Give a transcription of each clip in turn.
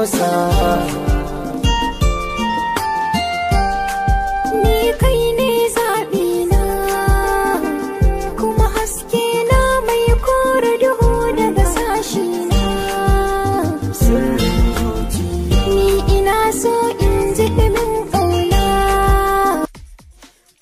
closer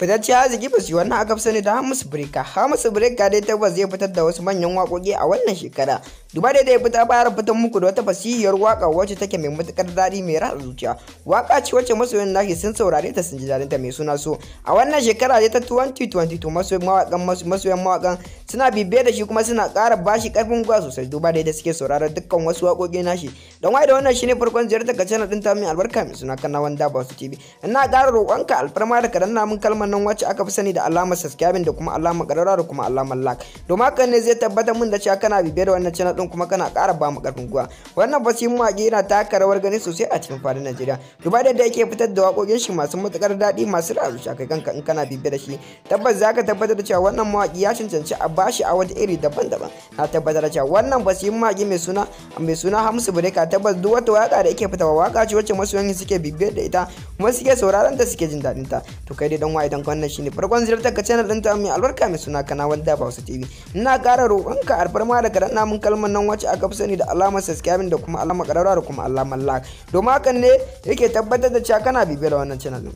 fitacce arziki zigi su yi wannan aka fi sani da Hamus Breka. Hamus Breka dai tabbas zai fitar da wasu manyan waƙoƙi a wannan shekara. Duba dai dai fita bayar fitar muku da wata fasihiyar waƙa wacce take mai matuƙar daɗi mai ratsa zuciya. Waƙa ce wacce masoyan nashi sun saurare ta sun ji daɗin mai suna so. A wannan shekara dai ta 2022 masoyan mawaƙan masoyin mawaƙan suna bibiyar da shi kuma suna ƙara bashi ƙarfin gwa sosai duba dai da suke sauraron dukkan wasu waƙoƙi nashi. Don wai da wannan shine farkon ziyarta ka channel ɗin ta mai albarka mai suna kan na wanda ba su TV. Ina ƙara roƙonka alfarma da ka danna mun kalmar wannan wacce aka fi sani da alamar subscribing da kuma alamar ƙararra da kuma alamar like domin haka ne zai tabbatar mun da cewa kana bibiyar da wannan channel din kuma kana ƙara ba mu ƙarfin gwiwa wannan fasihin mawaƙi yana taka rawar gani sosai a cikin fadin Najeriya duba da yake fitar da waƙoƙin shi masu matuƙar daɗi masu ra'ayi kai kanka in kana bibiyar da shi tabbas zaka tabbatar da cewa wannan mawaƙi ya cancanci a bashi a wata iri daban-daban na tabbatar da cewa wannan fasihin mawaƙi mai suna mai suna Hamsu Bureka tabbas duk wata waƙa da yake fitawa waƙa ce wacce masoyan suke bibiyar da ita kuma suke sauraron ta suke jin daɗin ta to kai dai dan wa fatan wannan shine farkon ziyartar ka dan ta mai albarka mai suna kana wanda ba wasu tv ina ƙara roƙonka ma da ka danna mun kalmar nan wacce aka fi sani da alamar subscribing da kuma alamar ƙararrawa da kuma alamar like domin hakan ne yake tabbatar da cewa kana bibiyar wannan channel ɗin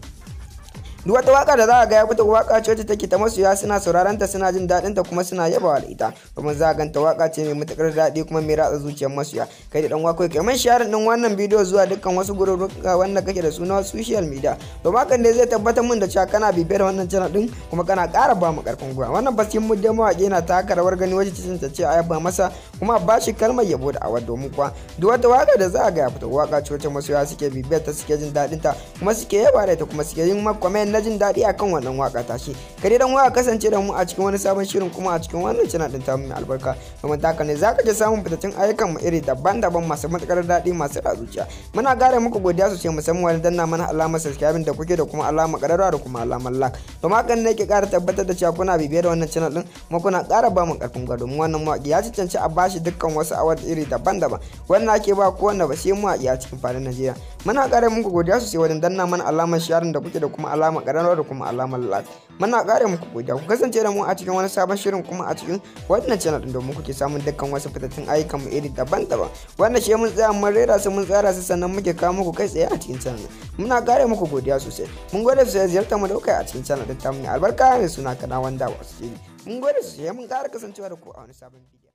duk wata waka da za a ga ya fita waka ce wacce take ta masoya suna sauraron ta suna jin daɗin ta kuma suna yabawa da ita kuma za a ganta waka ce mai matukar daɗi kuma mai ratsa zuciyar masoya kai da dan wako kai man din wannan bidiyo zuwa dukkan wasu gururuka wanda kake da su na social media to makan da zai tabbatar min da cewa kana bibiyar wannan channel din kuma kana ƙara ba mu karfin gwiwa wannan basin mu demo a na taka rawar gani wacce cikin ta ce a masa kuma ba shi kalmar yabo da awa domin kuwa duk wata waka da za a ga ya fita waka ce wacce masoya suke bibiyar ta suke jin daɗin ta kuma suke yaba da ita kuma suke yin na jin daɗi akan wannan waka shi ka dai dan waƙa kasance da mu a cikin wani sabon shirin kuma a cikin wannan channel din ta mai albarka domin taka ne ka je samun fitaccen ayyukan mu iri daban-daban masu matukar daɗi masu razuciya muna gare muku godiya sosai musamman wani danna mana alamar subscribe da kuke da kuma alamar ƙararrawa da kuma alamar like to makan ne ke kara tabbatar da cewa kuna bibiye da wannan channel din kuma kuna kara ba mu karfin gado mu wannan mawaki ya cancanci a bashi dukkan wasu award iri daban-daban wannan ake ba kowanne ba sai mawaki a cikin fadin Najeriya muna kare muku godiya sosai wajen danna mana alamar sharin da kuke da kuma alamar karanwar da kuma alamar like muna kare muku godiya ku kasance da mu a cikin wani sabon shirin kuma a cikin wannan channel din domin kuke samun dukkan wasu fitattun ayyukan mu iri daban-daban wannan shi mun tsaya mun rera su mun tsara su sannan muke kawo muku kai tsaye a cikin channel muna kare muku godiya sosai mun gode sosai ziyartar mu da a cikin channel ta mai albarka mai suna kana wanda wasu jini mun gode su mun ƙara kasancewa da ku a wani sabon bidiyo